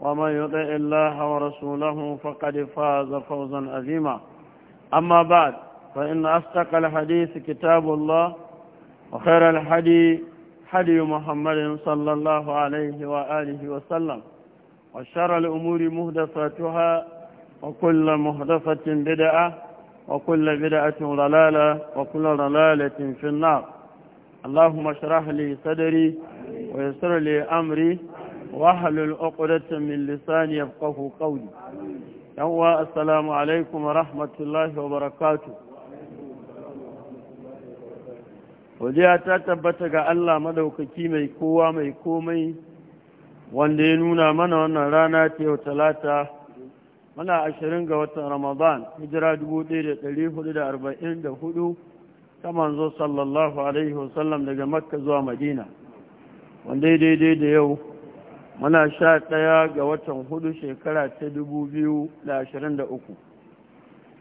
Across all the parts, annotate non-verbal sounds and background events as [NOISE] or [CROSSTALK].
ومن يطع الله ورسوله فقد فاز فوزا عظيما أما بعد فإن أصدق الحديث كتاب الله وخير الحدي حدي محمد صلى الله عليه وآله وسلم وشر الأمور مهدفاتها وكل مهدفة بدعة وكل بدعة ضلالة وكل ضلالة في النار اللهم اشرح لي صدري ويسر لي أمري wahalul uqdatan min lisani yafqahu qawli yawwa assalamu alaikum wa rahmatullahi wa barakatu. godiya ta tabbata ga Allah madaukaki mai kowa mai komai wanda ya nuna mana wannan rana ta yau talata muna ashirin ga watan ramadan hijira 1444 ta manzo sallallahu alaihi wasallam daga makka zuwa madina wanda ya daidai da yau muna sha ɗaya ga watan hudu shekara ta dubu biyu da ashirin da uku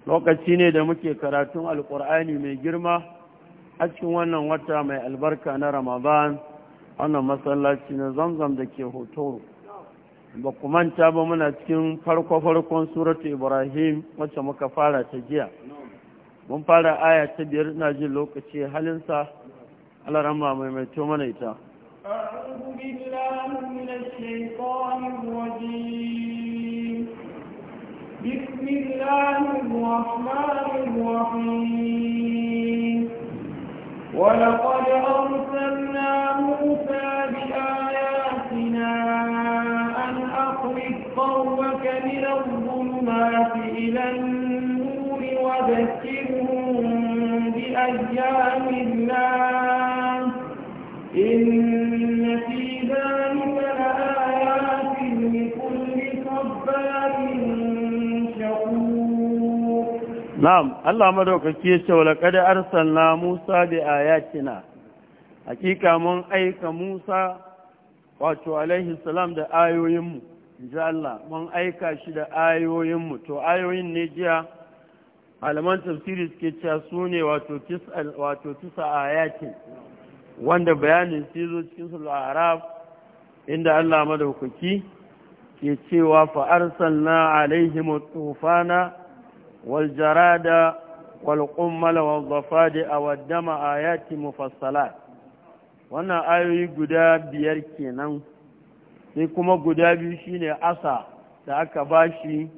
lokaci ne da muke karatun alƙur'ani mai girma a cikin wannan wata mai albarka na ramadan wannan masallaci na zamzam da ke hotoro ba ku manta ba muna cikin farko-farkon suratu ibrahim wacce muka fara ta jiya mun fara aya ta biyar na jin lokaci halinsa alarama mai maimaito mana ita أعوذ بالله من الشيطان الرجيم بسم الله الرحمن الرحيم ولقد أرسلنا موسى بآياتنا أن أخرج قومك من الظلمات إلى النور وذكرهم بأيام الله إن na'am Allah madaukaki ya ce walaqad arsalna Musa bi ayatina hakika mun aika Musa wato alaihi salam da ayoyinmu insha Allah mun aika shi da ayoyinmu to ayoyin ne jiya alaman tafsiri suke cewa sune wato tis'a wato tisa ayatin wanda bayanin su zo cikin a arab inda Allah madaukaki ke cewa fa arsalna alaihim tufana والجراد a والضفادع والدم آيات مفصلات wannan ayoyi guda biyar kenan sai kuma guda biyu shine asa da aka ba shi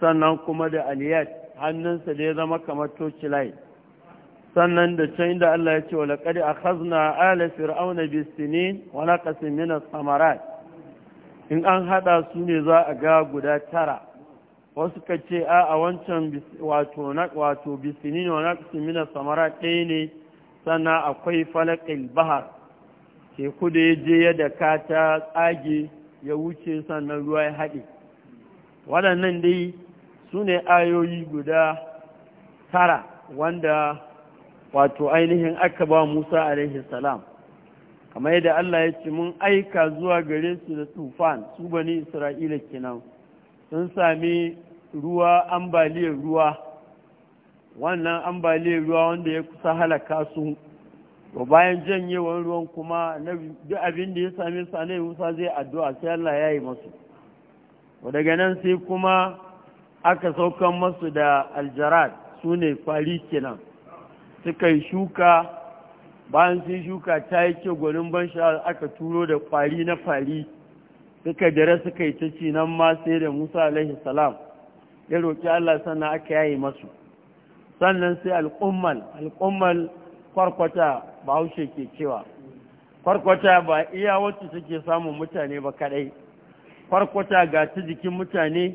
sannan kuma da aliyat hannunsa da ya zama kamar tocilai sannan da can da Allah ya ce wa laqad akhazna ala fir'auna bisinin wa naqasin min as-samarat in an haɗa su ne za a ga guda tara wasu ka ce a a wancan wato bisinin wani kusur mina samara ɗaya ne sannan akwai falakil bahar ke da ya je yadda ka ta tsage ya wuce sannan ruwa ya haɗe waɗannan dai su ne ayoyi guda tara wanda wato ainihin aka ba musa alaihi salam kamar yadda allah ya ce mun aika zuwa gare su da tufan su bani isra'ila kenan sun sami ruwa ambaliyar ruwa wannan ambaliyar ruwa wanda ya kusa halaka su ba bayan janyewar ruwan kuma duk abin da ya sami su Musa zai addu'a sai Allah ya yi masu daga nan sai kuma aka saukan masu da aljarad su ne fari kenan suka yi shuka bayan sun shuka ta yi kyau gwanin ban sha'ar aka turo da kwari na fari suka dare suka yi ta ci nan ma sai da musa alaihi salam ya roƙi Allah sannan aka yayi masu sannan sai al'ummal al'ummal kwarkwata ba haushe ke cewa kwarkwata ba iya wacce take samun mutane ba kadai kwarkwata ga ta jikin mutane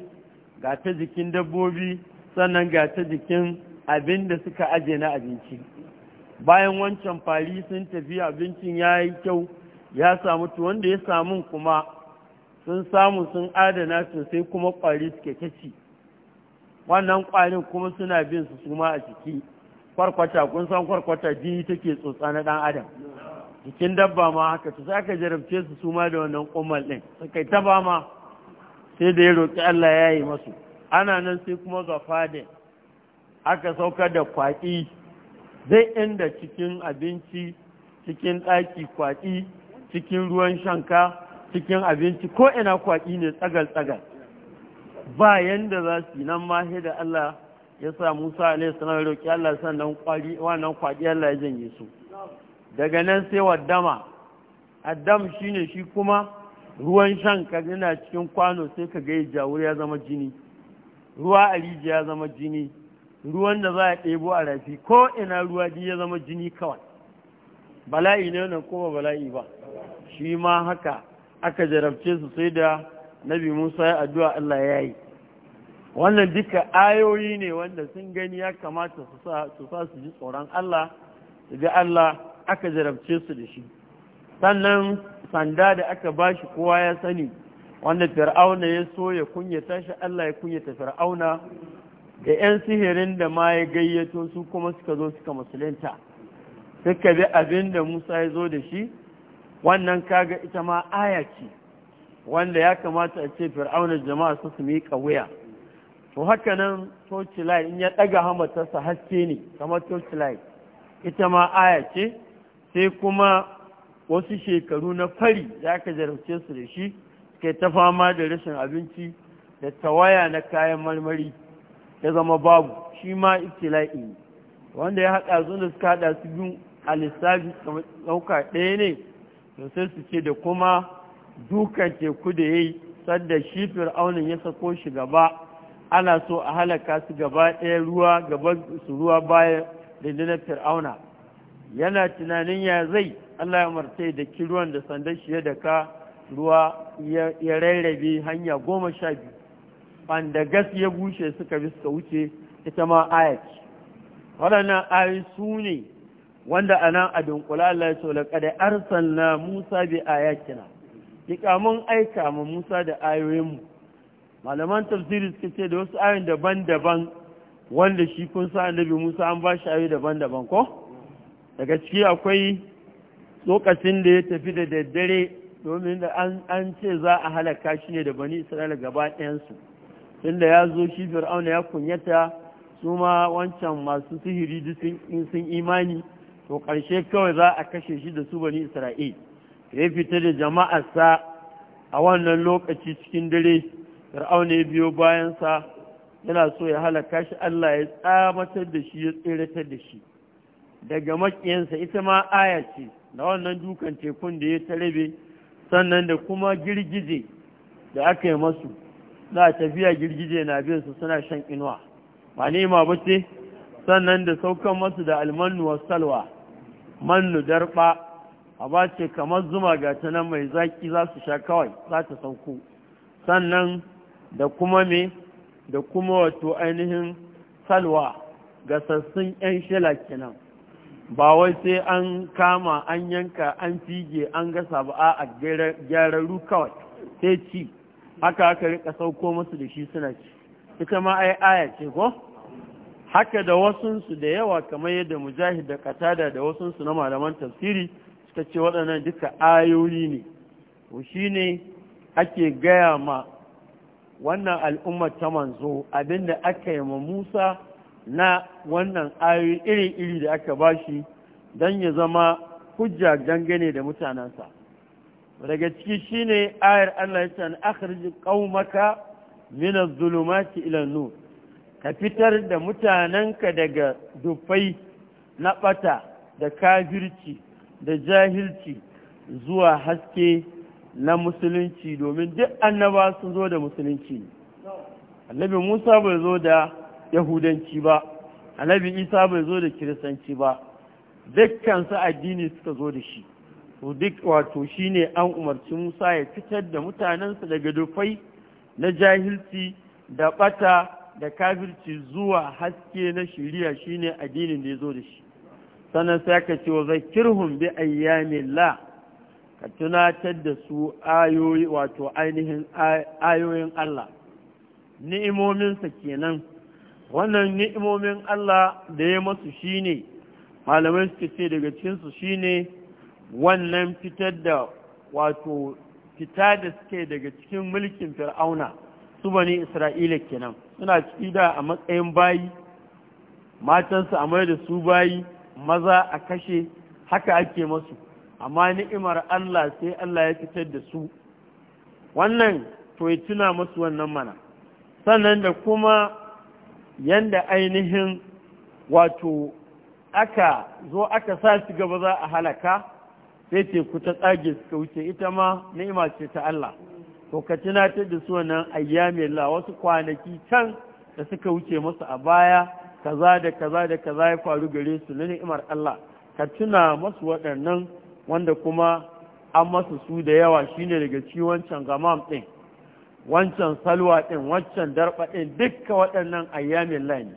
ga ta jikin dabbobi sannan ga ta jikin abin da suka aje na abinci bayan wancan fari sun tafi abincin ya yi kyau ya samu to wanda ya samu kuma sun samu sun adana sosai kuma kwari suke ta wannan ƙwarin kuma suna bin su suma a ciki kwarkwata kun san kwarkwata jini take tsotsa na dan adam jikin dabba ma haka su sai aka jarabce su suma da wannan kummal ɗin suka yi ta ma sai da ya roƙi Allah ya yi masu ana nan sai kuma ga fadin aka saukar da kwaki zai inda cikin abinci cikin ɗaki kwaɗi cikin ruwan shanka cikin abinci ko ina kwaɗi ne tsagal-tsagal ba yanda za su nan ma da Allah ya sa Musa alaihi salam roƙi Allah sannan kwari wannan kwadi Allah ya janye su daga nan sai waddama addam shine shi kuma ruwan shan ka gina cikin kwano sai ka ga jawur ya zama jini ruwa a rijiya zama jini ruwan da za a ɗebo a rafi ko ina ruwa ji ya zama jini kawai bala'i ne wannan ko ba bala'i ba shi ma haka aka jarabce su sai da nabi musa ya addu'a allah ya yi wannan duka ayoyi ne wanda sun gani ya kamata su sa su ji tsoron allah su ga allah aka jarabce su da shi sannan sanda da aka bashi kowa ya sani wanda fir'auna ya so ya kunyata shi allah ya kunyata fir'auna da 'yan sihirin da ma ya gayyato su kuma suka zo suka musulunta suka bi abin da musa ya zo da shi wannan kaga ita ma aya ce wanda ya kamata a ce fir'aunar jama'a su su miƙa wuya to haka nan torchlight in ya ɗaga hamatarsa haske ne kamar torchlight ita ma aya ce sai kuma wasu shekaru na fari za ka jarabce su da shi suke ta fama da rashin abinci da tawaya na kayan marmari ya zama babu shi ma itilai ne wanda ya haɗa zuwa da suka haɗa su biyu a lissafi ɗauka ɗaya ne sosai sai su ce da kuma dukan teku da ya yi sadda shi fir'aunin ya sako shi gaba ana so a halaka su gaba ɗaya ruwa gaba su ruwa bayan rundunar fir'auna yana tunanin ya zai allah ya martai da kiruwan da sandan shi ya daka ruwa ya rairabe hanya goma sha biyu wanda gas ya bushe suka bi suka wuce ita ma ayaci waɗannan ayi su ne wanda a nan a dunkula Allah ya ce kada da arsalna Musa bi ayatina ya mun aika ma Musa da ayoyinmu malaman tafsiri suka ce da wasu ayoyin daban-daban wanda shi kun sa annabi Musa an ba shi ayoyi daban-daban ko daga ciki akwai lokacin da ya tafi da daddare domin da an ce za a halaka shi ne da bani Isra'ila gaba ɗayansu tunda ya zo shi Fir'auna ya kunyata su ma wancan masu sihiri sun imani to ƙarshe kawai za a kashe shi da su bani Isra'ila ya fita da jama'arsa a wannan lokaci cikin dare fir'auna ya biyo bayansa yana so ya halaka shi Allah ya tsamatar da shi ya tseratar da shi daga makiyansa ita ma aya ce na wannan dukan tekun da ya tarabe sannan da kuma girgije da aka yi masu na tafiya girgije na biyan su suna shan inuwa ba nema ba ce sannan da saukan masu da almannu wa salwa mannu darba a ce kamar zuma ga ta mai zaki za su sha kawai za ta sauko sannan da kuma me da kuma wato ainihin salwa ga sassun 'yan shela kenan ba wai sai an kama an yanka an fige an gasa ba a gyararru kawai sai ci haka aka rika sauko musu da shi suna ci ita ma ai aya ce ko haka da wasunsu da yawa kamar yadda mujahid da katada da wasunsu na malaman tafsiri ta ce waɗannan duka ayoyi ne shi ne ake gaya ma wannan al'ummar ta manzo abinda aka yi ma musa na wannan ayoyi iri-iri da aka ba shi don ya zama hujja dangane da mutanensa daga ciki shine ayar Allah ya ce akar ji min adh-dhulumati ila ka fitar da mutanenka daga dufai na ɓata da kafirci da jahilci zuwa haske na musulunci domin duk annaba sun zo da musulunci annabi musa bai zo da yahudanci ba annabi isa bai zo da kiristanci ba dukkansu addini suka zo da shi duk wato shine an umarci musa ya fitar da mutanensa daga dufai na jahilci da bata da kafirci zuwa haske na shiriya shine addinin da ya zo da shi sannan sai ka ce wa zakirhum bi ayyamillah ka tunatar da su ayoyi wato ainihin ayoyin Allah ni'imominsa kenan wannan ni'imomin Allah da ya masu shine malamai suke ce daga cikinsu shine wannan fitar da wato fita da suke daga cikin mulkin fir'auna su bani isra'ila kenan suna ciki da a matsayin bayi matansu a mai da su bayi maza a kashe haka ake masu amma ni'imar Allah sai Allah ya fitar da su wannan to ya tuna masu wannan mana sannan da kuma yanda ainihin wato aka zo aka sa shi gaba za a halaka sai teku ta tsage suka wuce ita ma ni'ima ce ta Allah to ka tunatar da su wannan ayyamin Allah wasu kwanaki can da suka wuce masu a baya kaza da kaza da kaza ya faru gare su na ni'imar Allah ka tuna masu waɗannan wanda kuma an masu su da yawa shine daga ci wancan gamam ɗin wancan salwa ɗin wancan darɓa ɗin dukka waɗannan ayyamin lani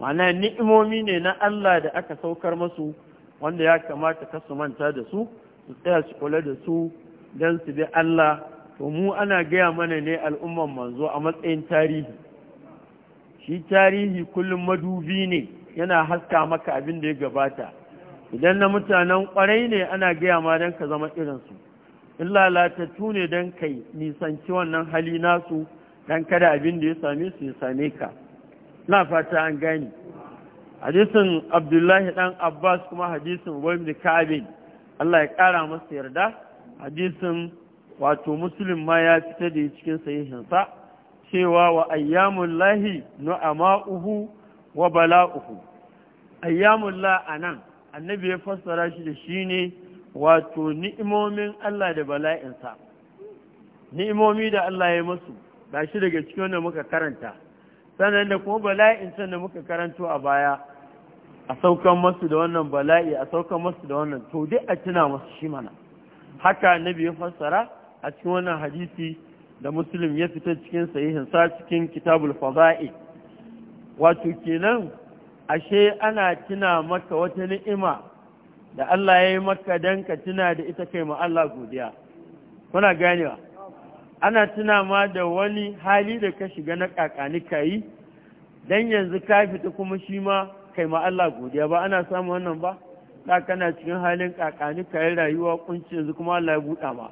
ma'ana ni'imomi ne na Allah da aka saukar masu wanda ya kamata ka su manta da su su tsaya su kula da su don su bi Allah to mu ana gaya mana ne al'umman manzo a matsayin tarihi shi tarihi kullum madubi ne yana haska maka abin da ya gabata idan na mutanen kwarai ne ana gaya ma don ka zama irinsu in lalatattu ne don kai nisanci wannan hali nasu don kada abin da ya same su ya same ka na fata an gani hadisin abdullahi dan abbas kuma hadisin wani da kabin allah ya kara masa yarda hadisin wato musulun ma ya fita da cikin sahihinsa cewa wa ayyamun lahi uhu wa bala'uhu ayyamun la a nan annabi ya fassara shi da shi ne wato ni'imomin Allah da bala'insa ni'imomi da Allah ya masu ba shi daga cikin wanda muka karanta sannan da kuma bala'insa da muka karanto a baya a saukan masu da wannan bala'i a saukan masu da wannan to duk a tuna musu shi mana haka annabi ya fassara a cikin wannan hadisi da muslim ya fita cikin sahihinsa cikin kitabul fada'i wato kenan ashe ana tuna maka wata ni'ima da Allah ya yi maka don ka tuna da ita kai ma Allah godiya kuna ganewa ana tuna ma da wani hali da ka shiga na kakani ka yi don yanzu ka fita kuma shi ma kai ma Allah godiya ba ana samun wannan ba da kana cikin halin kakani ka rayuwa kunci yanzu kuma Allah ya buɗa ma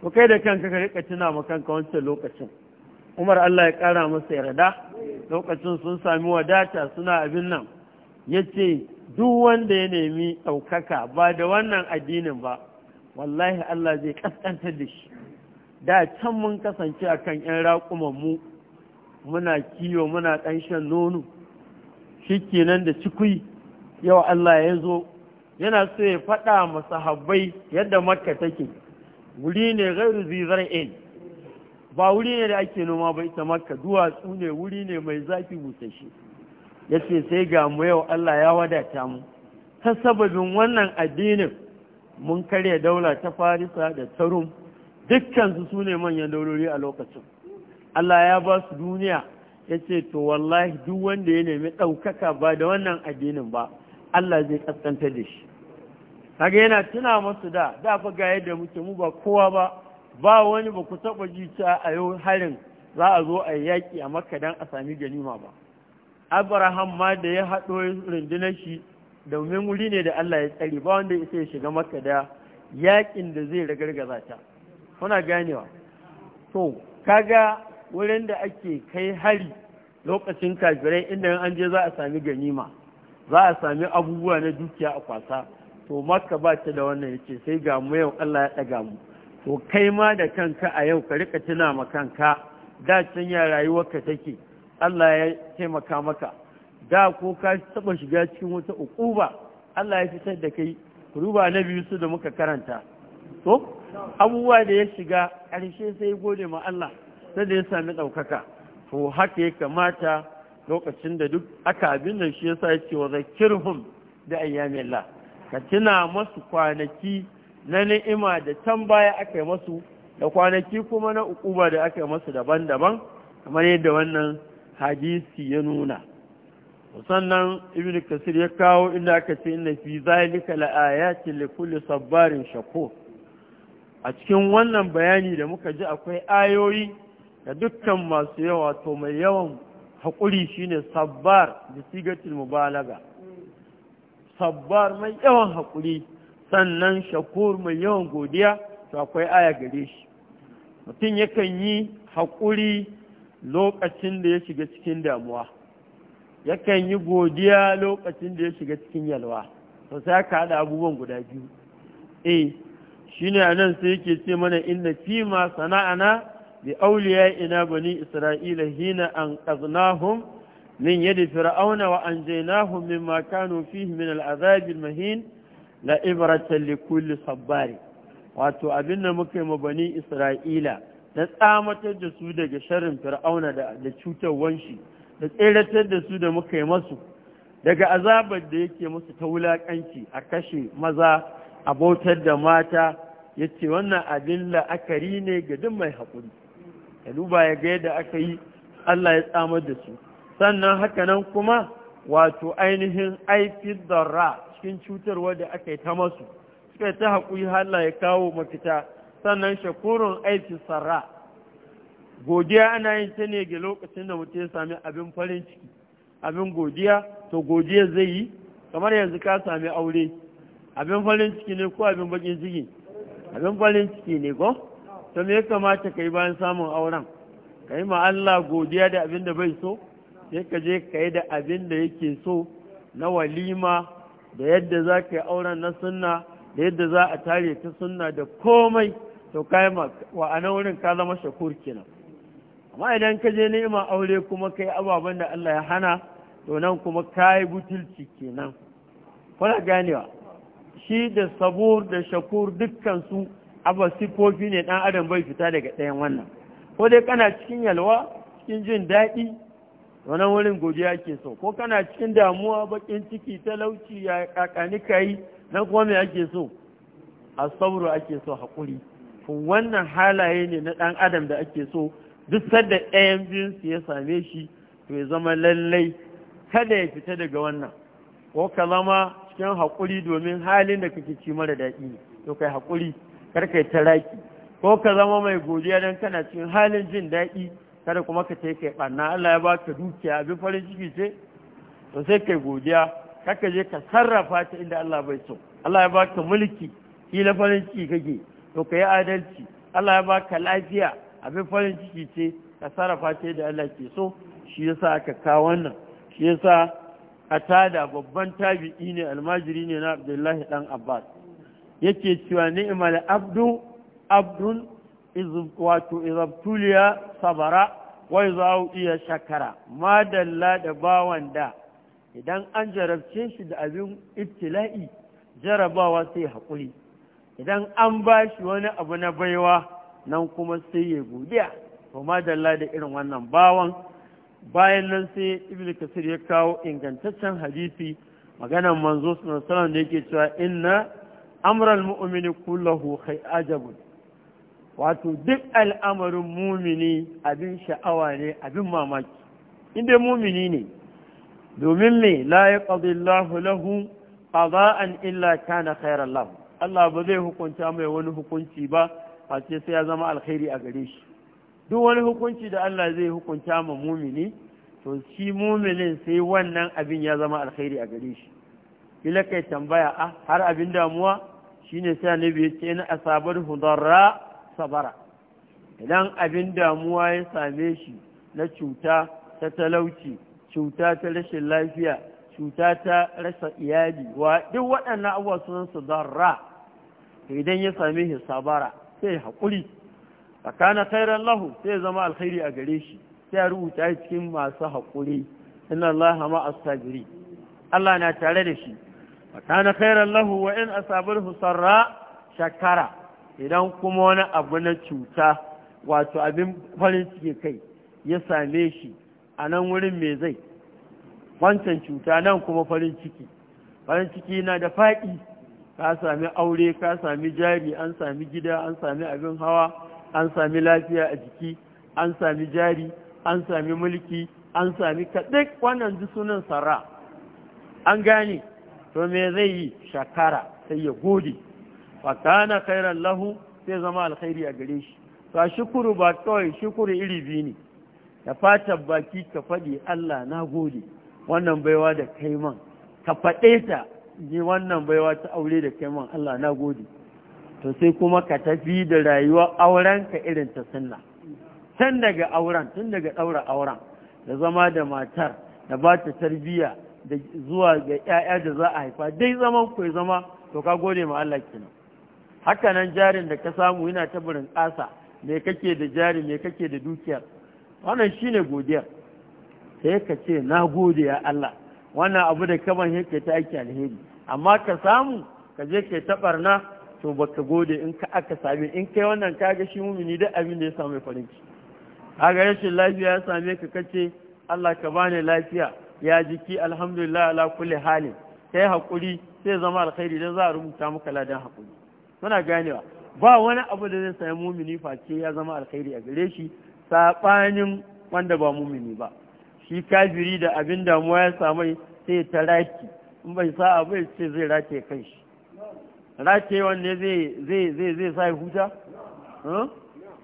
Ku kai da kanka ka rika tuna ma kanka wancan lokacin Umar Allah ya kara masa yarda lokacin sun sami wadata suna abin nan yace duk wanda ya nemi ɗaukaka ba da wannan addinin ba wallahi Allah zai kaskantar da shi da can mun kasance akan yan raƙuman mu muna kiwo muna ɗan shan nono shikenan da cikui yau Allah ya zo yana so ya faɗa masahabbai yadda makka take wuri ne gairu in ba wuri ne da ake noma ba ita makka duwatsu ne wuri ne mai zafi busashi ya ce sai ga mu yau Allah ya wadata mu ta sababin wannan addinin mun karya daula ta farisa da tarum dukkansu su ne manyan daurori a lokacin Allah ya ba su duniya ya ce to wallahi duk wanda ya nemi ɗaukaka ba da wannan addinin ba Allah zai kaskantar da shi kage yana tuna masu da da fa ga yadda muke mu ba kowa ba ba wani ba ku taba ji ta a yau harin za a zo a yaki a makka dan a sami ganima ba abraham ma da ya haɗo rundunar shi domin wuri ne da Allah ya tsare ba wanda isa ya shiga makka da yakin da zai ragargaza ta kuna ganewa to kaga wurin da ake kai hari lokacin kafirai inda an je za a sami ganima za a sami abubuwa na dukiya a kwasa to maka ba ta da wannan yace sai ga mu yau Allah ya ɗaga mu to kai ma da kanka a yau ka rika tuna ma kanka da can ya ka take Allah ya taimaka maka da ko ka taɓa shiga cikin wata uquba Allah ya fitar da kai ruba na biyu su da muka karanta to abubuwa da ya shiga ƙarshe sai gode ma Allah sai da ya sami ɗaukaka to haka ya kamata lokacin da duk aka abin da shi yasa ya ce wa zakirhum da ayyamin Allah ka tuna masu kwanaki na ni'ima da can baya aka yi masu da kwanaki kuma na ukuba da aka yi masu daban-daban kamar yadda wannan hadisi ya nuna sannan ibn kasir ya kawo inda aka ce inna fi zalika laayatin li kulli sabbarin shakur a cikin wannan bayani da muka ji akwai ayoyi da dukkan masu yawa to mai yawan haƙuri shine sabbar da sigatin mubalaga sabbar mai yawan haƙuri sannan shakur mai yawan godiya to akwai aya gare shi mutum yakan yi haƙuri lokacin da ya shiga cikin damuwa yakan yi godiya lokacin da ya shiga cikin yalwa to sai ka haɗa abubuwan guda biyu eh shine anan sai yake ce mana inda fi ma sana'ana bi auliya ina bani isra'ila hina an qaznahum من يد فرعون وأنجيناه مما كانوا فيه من العذاب المهين لإبرة لكل صبار wato abin da muka yi ma bani isra'ila da tsamatar da su daga sharrin fir'auna da cutar wanshi da tseratar da su da muka yi masu daga azabar da yake masu ta wulaƙanci a kashe maza a bautar da mata ya ce wannan abin la'akari ne ga duk mai haƙuri Ya duba ya ga yadda aka yi allah ya tsamar da su sannan haka nan kuma wato ainihin aikin darra cikin cutarwa da aka yi ta masu suka ta haƙuri hala ya kawo mafita sannan shakurun aiki sarra godiya ana yin ta ne ga lokacin da mutum ya sami abin farin ciki abin godiya to godiya zai yi kamar yanzu ka sami aure abin farin ciki ne ko abin bakin ciki abin farin ciki ne ko to me ya kamata ka yi bayan samun auren ka yi ma Allah godiya da abin da bai so sai ka je ka yi da abin da yake so na walima da yadda za ka yi auren na sunna da yadda za a tare ta sunna da komai to kai ma wa a wurin ka zama shakur kenan amma idan ka je neman aure kuma ka yi ababen da Allah ya hana to nan kuma ka yi butulci kenan kuna ganewa shi da sabur da shakur dukkansu abu sifofi ne ɗan adam bai fita daga ɗayan wannan ko dai kana cikin yalwa cikin jin daɗi wani wurin godiya ke so ko kana cikin damuwa bakin ciki talauci ya kakani kai na kuma me ake so asabru ake so hakuri to wannan halaye ne na dan adam da ake so duk sadda ɗayan biyun su ya same shi to ya zama lallai kada ya fita daga wannan ko ka zama cikin hakuri domin halin da kake ci mara daɗi ne to kai hakuri kar kai taraki ko ka zama mai godiya dan kana cikin halin jin daɗi kada kuma ka ce kai ɓanna Allah ya baka dukiya abin farin ciki ce to sai kai godiya kaka je ka sarrafa ta inda Allah bai so Allah ya baka mulki kila farin ciki kake to ka adalci Allah ya baka lafiya abin farin ciki ce ka sarrafa ta inda Allah ke so shi yasa aka kawo wannan shi yasa a tada babban tabi'i ne almajiri ne na Abdullahi dan Abbas yake cewa ni'mal abdu abdun wato izabtuliya sabara wai za iya shakara madalla da bawan da idan an jarabce shi da abin ittila'i jarabawa sai hakuri idan an ba shi wani abu na baiwa nan kuma sai ya godiya to madalla da irin wannan bawan bayan nan sai ibnu kasir ya kawo ingantaccen hadisi maganan manzo sallallahu alaihi wasallam da yake cewa inna amral mu'mini kullahu khay ajabun wato duk al'amarin mumini abin sha'awa ne abin mamaki inda mumini ne domin mai la ya ƙadillahu lahu an illa kana khairan lahu Allah ba zai hukunta mai wani hukunci ba a ce sai ya zama alkhairi a gare shi duk wani hukunci da Allah zai hukunta ma mumini to shi muminin sai wannan abin ya zama alkhairi a gare shi kila kai tambaya a ah, har abin damuwa shine sai annabi ya ce ina asabar hudarra sabara idan abin damuwa ya same shi na cuta ta talauci cuta ta rashin lafiya cuta ta rasa iyali wa duk waɗannan abubuwa sun su idan ya same shi sabara sai haƙuri tsakanin khairan lahu sai zama alkhairi a gare shi sai rubuta cikin masu haƙuri inna Allah ma asabiri Allah na tare da shi tsakanin khairan lahu wa in asabar sarra shakara idan kuma wani abu na cuta wato abin farin ciki kai ya same shi a nan wurin mai zai wancan cuta nan kuma farin ciki farin ciki na da faɗi ka sami aure ka sami jari an sami gida an sami abin hawa an sami lafiya a jiki an sami jari an sami mulki an sami kaɗai wannan duk sunan sara an gane to me zai yi shakara sai ya gode fakana kana khairan lahu sai zama alkhairi a gare shi to shukuru ba kawai shukuru iri biyu ne da fata baki ka faɗi Allah nagode gode wannan baiwa da kai man ka fade ta ni wannan baiwa ta aure da kai man Allah na gode to sai kuma ka tafi da rayuwa auren ka irin ta sunna tun daga auren tun daga ɗaura auren da zama da matar da ba ta tarbiyya da zuwa ga 'ya'ya da za a haifa dai zaman ku zama to ka gode ma Allah kenan haka nan jarin da ka samu yana ta burin ƙasa me kake da jari me kake da dukiyar wannan shine godiyar sai ka ce na gode ya Allah wannan abu da kaman yake ta aiki alheri amma ka samu ka je ka taɓarna to baka gode in ka aka same in kai wannan ka ga shi mumini duk abin da ya samu farin ciki kaga rashin lafiya ya same ka kace Allah ka bani lafiya ya jiki alhamdulillah ala kulli halin kai hakuri sai zama alkhairi dan za a rubuta maka ladan hakuri muna ganewa ba wani abu da zai sami mumini face ya zama alkhairi a gare shi sabanin wanda ba mumini ba shi kafiri da abin damuwa ya samu sai ta raki in bai sa abu ya ce zai rake kai shi rake wanne zai zai zai sa huta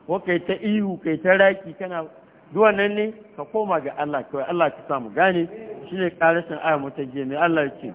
ko kai ta ihu kai ta raki kana duwannan ne ka koma ga Allah kawai Allah ka samu gane shine karashin aya mutaje mai Allah ya ce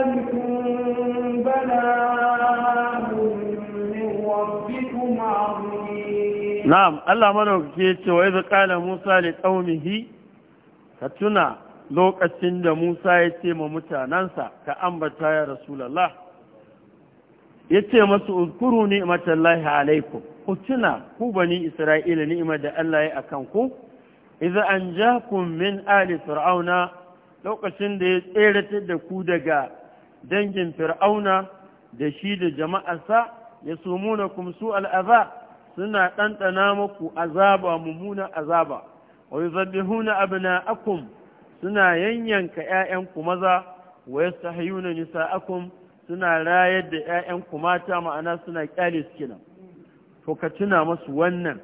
na'am Allah madaukake ya ce wa idza kala Musa li qaumihi ka tuna lokacin da Musa ya ce ma mutanansa ka ambata ya rasulullah ya ce masu uzkuru ni'matallahi alaikum ku tuna ku bani Isra'ila ni'imar da Allah ya akan ku ja anjakum min ali fir'auna lokacin da ya tseratar da ku daga dangin fir'auna da shi da jama'arsa ya sumuna kum su al'aza suna ɗanɗana maku azaba mummunan azaba wa na abna'akum suna yanyanka yayanku maza wa nisa nisa'akum suna rayar da yayanku mata ma'ana suna ƙyale suke kenan to ka tuna masu wannan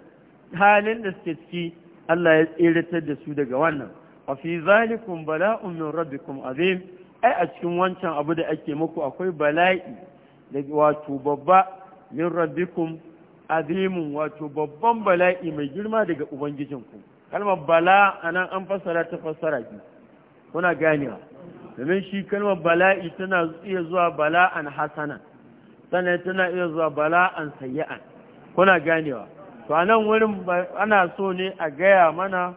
halin da suke ciki Allah ya tsiratar da su daga wannan wa fi zalikun bala'un min rabbikum azim ai a cikin wancan abu da ake muku akwai bala'i da wato babba min rabbikum azimun wato babban bala'i mai girma daga ubangijinku kalmar bala a nan an fassara ta fassara ji, kuna ganewa domin shi kalmar bala'i tana iya zuwa bala'an hasana sannan tana iya zuwa bala'an sayya'an kuna ganewa to a nan wurin ana so ne a gaya mana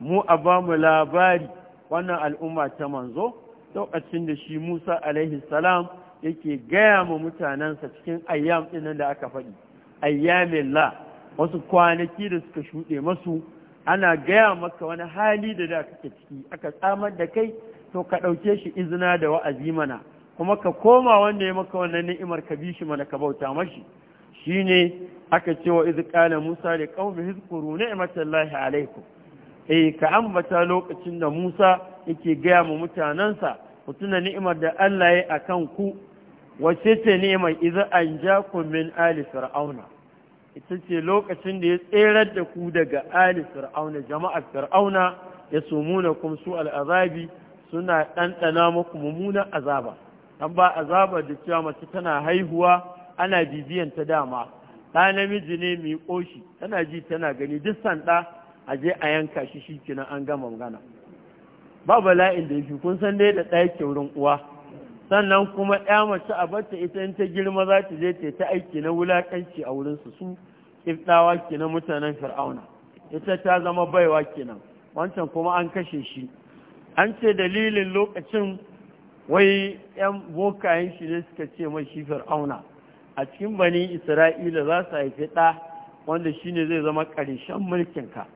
mu a ba mu labari wannan al'umma ta manzo lokacin da shi musa alaihi salam yake gaya ma mutanensa cikin ayyam ɗinnan da aka faɗi ayyamillah wasu kwanaki da suka shuɗe masu ana gaya maka wani hali da da kake ciki aka tsamar da kai to ka ɗauke shi izina da wa'azi mana kuma ka koma wanda ya maka wannan ni'imar ka bi shi mana ka bauta mashi shine aka ce wa iz qala musa li qaumi hizkuru ni'matallahi alaykum eh ka ambata lokacin da musa yake gaya ma mutanansa ku tuna ni'imar da Allah ya akan ku Wace ce mai iza an ja ku min ali fir'auna ita ce lokacin da ya tserar da ku daga ali fir'auna jama'ar fir'auna ya sumuna kum su al'azabi suna ɗanɗana muku mummunan azaba an ba azaba da cewa mace tana haihuwa ana bibiyan ta dama Ta namiji ne mai ƙoshi tana ji tana gani duk sanda a je a yanka shi shi kina an gama magana ba bala'in da shi kun san dai da ɗaya wurin uwa sannan kuma ya mace a bata ita in ta girma za ta je ta aiki na wulaƙanci a wurinsu su ke kenan mutanen fir'auna ita ta zama baiwa kenan wancan kuma an kashe shi an ce dalilin lokacin wai 'yan bokayen shi ne suka ce mai shi fir'auna a cikin bani isra'ila za su haifi ɗa wanda shi ne zai zama ƙarshen mulkinka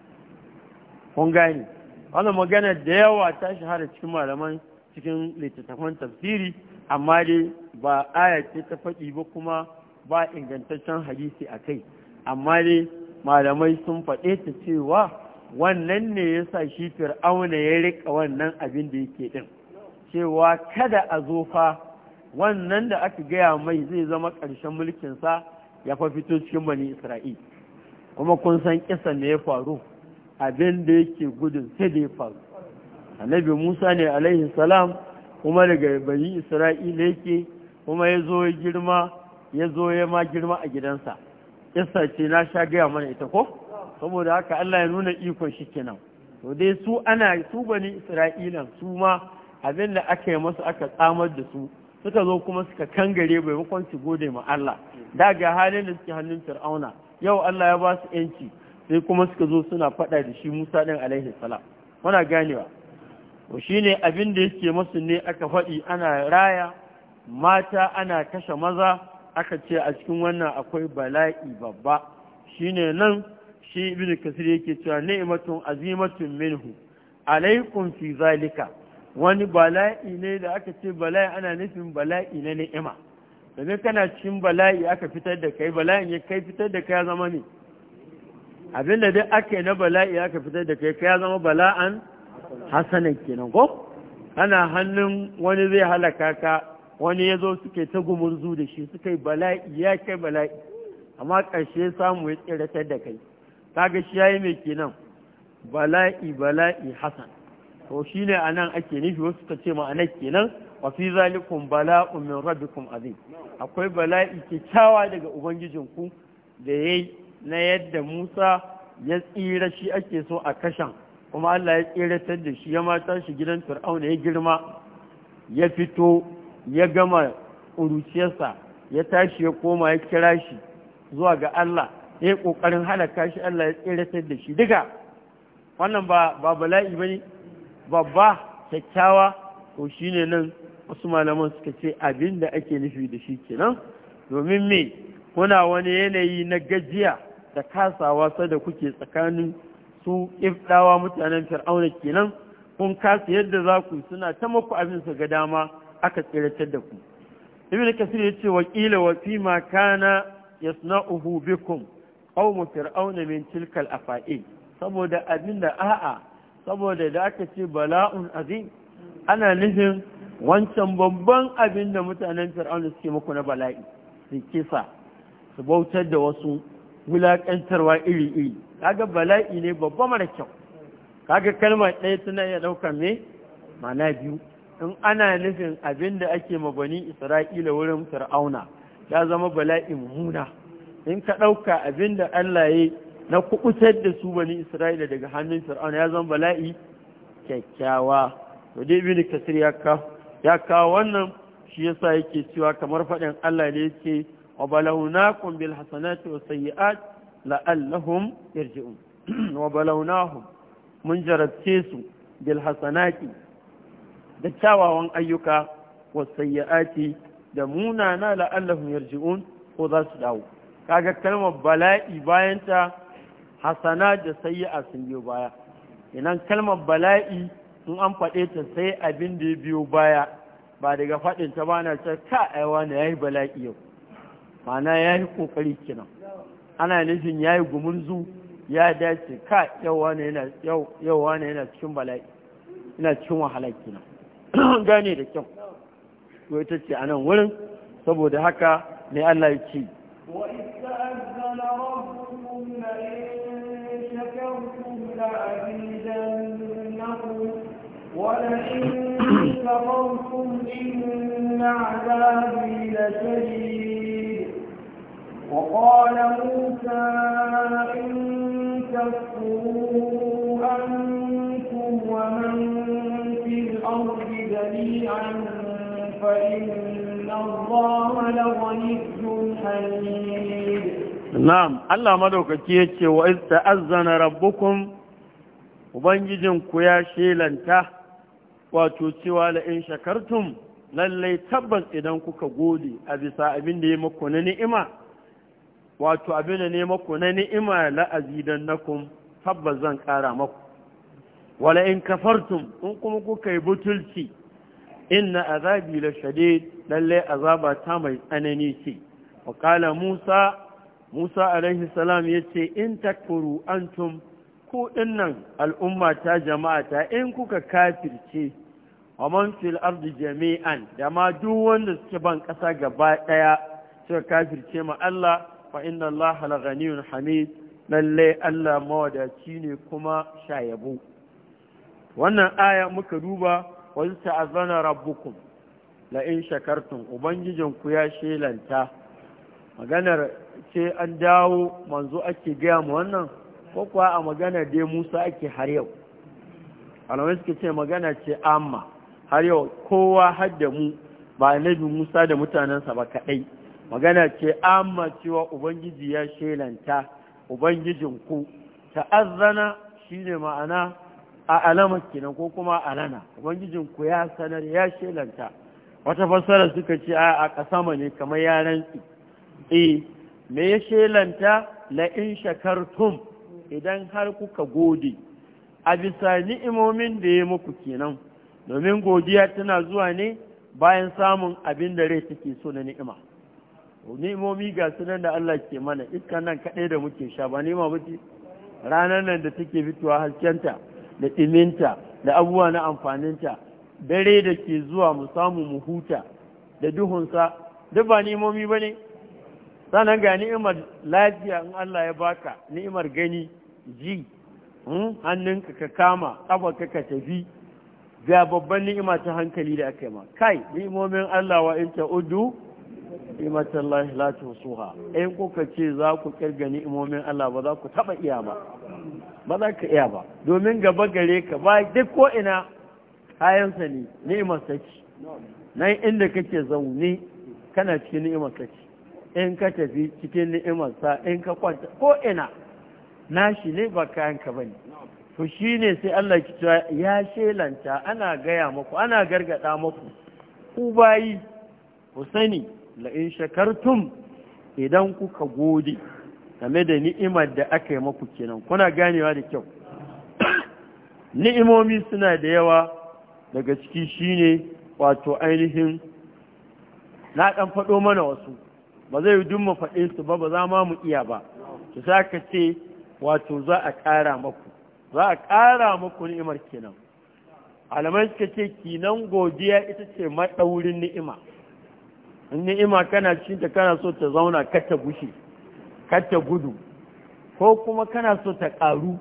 kun gane wannan magana da yawa ta shahara cikin malaman cikin littattafan tafsiri amma dai ba aya ce ta faɗi ba kuma ba ingantaccen hadisi a kai amma dai malamai sun faɗe ta cewa wannan ne ya sa shi fir'auna ya riƙa wannan abin da yake ɗin cewa kada a zo fa wannan da aka gaya mai zai zama ƙarshen mulkinsa ya fa fito cikin bani isra'il kuma kun san kisan da ya faru abin da yake gudun sai da ya faru annabi musa ne alaihi salam kuma daga bani isra'ila yake kuma ya zo girma ya zo ya ma girma a gidansa kissa ce na sha gaya mana ita ko saboda haka allah ya nuna ikon shi kenan to dai su ana su bani isra'ila su ma abin da aka yi masu aka tsamar da su suka zo kuma suka kangare maimakon su gode ma Allah da ga halin da suke hannun fir'auna yau Allah ya ba su yanci sai kuma suka zo suna faɗa da shi Musa ɗin alaihi salam muna ganewa to shine abin da yake masu ne aka faɗi ana raya mata ana kashe maza aka ce a cikin wannan akwai bala'i babba shine nan shi ibn kasir yake cewa ni'matun azimatun minhu alaikum fi zalika wani bala'i ne da aka ce bala'i ana nufin bala'i na ni'ima domin kana cikin bala'i aka fitar da kai bala'in ya kai fitar da kai ya zama ne abinda duk aka yi na bala'i aka fitar da kai kai ya zama bala'an hasanan kenan ko ana hannun wani zai halaka ka wani ya zo suke ta gumurzu da shi suka yi bala'i ya kai bala'i amma ƙarshe samu ya tsiratar da kai kaga shi yayi mai kenan bala'i bala'i hasan to shine anan ake nufi wasu ta ce ma'anar kenan wa fi zalikum bala'un min rabbikum azim akwai bala'i kyakkyawa daga ubangijinku da yayi na yadda Musa ya tsira shi ake so a kashan kuma Allah ya tseratar da shi ya mata shi gidan fir'auna ya girma ya fito ya gama uruciyarsa ya tashi ya koma ya kira shi zuwa ga Allah ya yi ƙoƙarin halaka shi Allah ya tseratar da shi duka wannan ba ba bala'i ba babba kyakkyawa to shine nan wasu malaman suka ce abin da ake nufi da shi kenan domin me kuna wani yanayi na gajiya da kasawa sada kuke tsakanin su ifdawa mutanen fir'auna kenan kun kasa yadda za ku suna ta muku abin su ga dama aka tsiratar da ku ibn kasir yace wa qila wa fi ma kana yasna'uhu bikum qawm fir'auna min tilkal afa'i saboda abin da a'a saboda da aka ce bala'un azim ana nufin wancan babban abin da mutanen fir'auna suke muku na bala'i su kisa su bautar da wasu wulaƙantarwa iri-iri kaga bala'i ne babba mara kyau kaga kalma ɗaya tana iya ɗaukar me mana biyu in ana nufin abin da ake ma bani isra'ila wurin fir'auna ya zama bala'i mummuna in ka ɗauka abin da allah ya na kuɓutar da su bani isra'ila daga hannun fir'auna ya zama bala'i kyakkyawa to dai ibn kasir ya kawo ya kawo wannan shi yasa yake cewa kamar faɗin allah ne yake wa balawnakum bil hasanati was la'allahum yarji'un wa balawnahum mun jarabce su bil da kyawawan ayyuka wa sayyiati da munana la'allahum yarji'un ko za su dawo kaga kalmar bala'i bayan ta hasana da sayyi'a sun biyo baya idan kalmar bala'i in an faɗe ta sai abin da ya biyo baya ba daga faɗin ta ba na ta ka aiwa na yayi bala'i yau ma'ana yayi kokari kenan ana nufin ya yi gumurzu ya dace ka yawa ne yana cikin bala'i yana cikin wahalaki na [CLEARS THROAT] gane da kyau to ita ce a nan wurin saboda haka ne Allah ya ce ولئن كفرتم إن عذابي لشديد وقال موسى إن تكفروا أنتم ومن في الأرض جميعا فإن الله لغني حميد نعم الله مدوكaki yace wa iz ta'azzana rabbukum ubangijinku ya shelanta wato cewa la in shakartun lallai tabbas idan kuka gode a bisa abin da ya muku na ni'ima wato abin da ne maku na ni'ima la'azidan nakum tabbas zan ƙara maku wala in kafartum in kuma kuka yi butulci inna azabi la shadid lalle azaba ta mai tsanani ce wa musa musa alaihi salam yace in takfuru antum ku dinnan al'umma ta jama'a ta in kuka kafirce wa man fil ardi jami'an da ma duk wanda suke ban kasa gaba daya suka kafirce ma Allah wa inna Allah la hamid lalle Allah mawadaci ne kuma shayabu wannan aya muka duba wa ta'azzana rabbukum la in shakartum ubangijinku ya shelanta maganar ce an dawo manzo ake gaya mu wannan ko kuwa a maganar dai Musa ake har yau alamai suke ce magana ce amma har yau kowa hadda mu ba nabi Musa da mutanensa ba kaɗai magana ce amma cewa ubangiji ya shelanta ubangijinku ta'azzana shine ma'ana a alama kenan ko kuma alana ubangijinku ya sanar ya shelanta wata fassara suka ce a kasama ne kamar yaran su e eh, me ya shelanta la in shakartum idan har kuka gode a bisa ni'imomin da ya muku kenan domin godiya tana zuwa ne bayan samun abin da rai take so na ni'ima ni'imomi ga sunan da Allah ke mana iska nan kaɗai da muke sha ba ma bace ranar nan da take fitowa haskenta da ɗiminta da abubuwa na amfaninta dare da ke zuwa mu samu mu huta da duhunsa duk ba ni'imomi ba ne sannan ga ni'imar lafiya in Allah ya baka ni'imar gani ji hmm, hannunka ka kama ƙafarka ka tafi ga babban ni'ima ta hankali da aka yi ma kai ni'imomin Allah wa in ta udu nimatar la tusuha ai in ka ce za ku kirga ni'imomin Allah ba za ku taba iya ba ba za ka iya ba domin gaba gare ka ba duk ko ina kayansa ne ni'imar saki nan inda kake zaune kana cikin ni'imar saki in ka tafi cikin ni'imar sa in ka kwanta ko ina nashi ne ba kayan ka bane to shine sai Allah ki cewa ya shelanta ana gaya muku ana gargada muku ku bayi ku sani la'in shakartum idan kuka gode game da ni'imar da aka yi maku kenan kuna ganewa da kyau [COUGHS] ni'imomi suna da yawa daga ciki shine wato ainihin na ɗan faɗo mana wasu ba zai yi dumma su ba ba za ma mu iya ba Ki za ka ce wato za a ƙara maku za a ƙara maku ni'imar kenan alamai suka ce kinan godiya ita ce maɗaurin ni'ima ni'ima kana cikin ta kana so ta zauna kar ta gushe kar gudu ko kuma kana so ta ƙaru